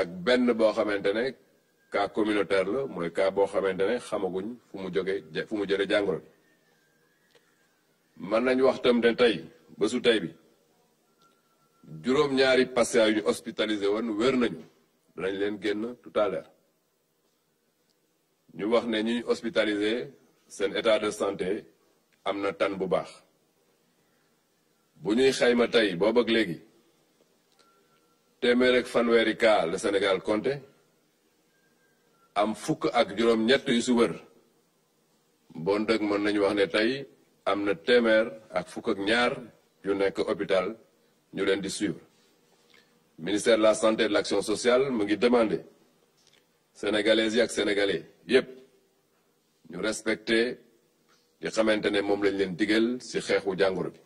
ak benn boo xamante ne cas communautaire la mooy cas boo xamante ne xamaguñ fu mu jógee fu mu jëlee jàngoro bi mën nañ wax tam ne tey bésu tey bi juróom-ñaari patients yu ñu hospitalisé woon wér nañu danañ leen génn tout ñu wax ne ñuy hospitalisé seen état de santé am na tan bu baax bu ñuy xayma tey boo bëgg léegi téeméer ak fanweeri cas Sénégal compté am fuk ak juróom-ñett yu si wër bon dëgg mën nañu wax né tay am na téeméer ak fuk ak ñaar yu nekk hôpital ñu leen di suivre ministère de la santé et de l'action sociale mu ngi demander sénégalais yi ak sénégalais yépp ñu respecté li xamante mom lañ leen digël ci xéxu jàngoro bi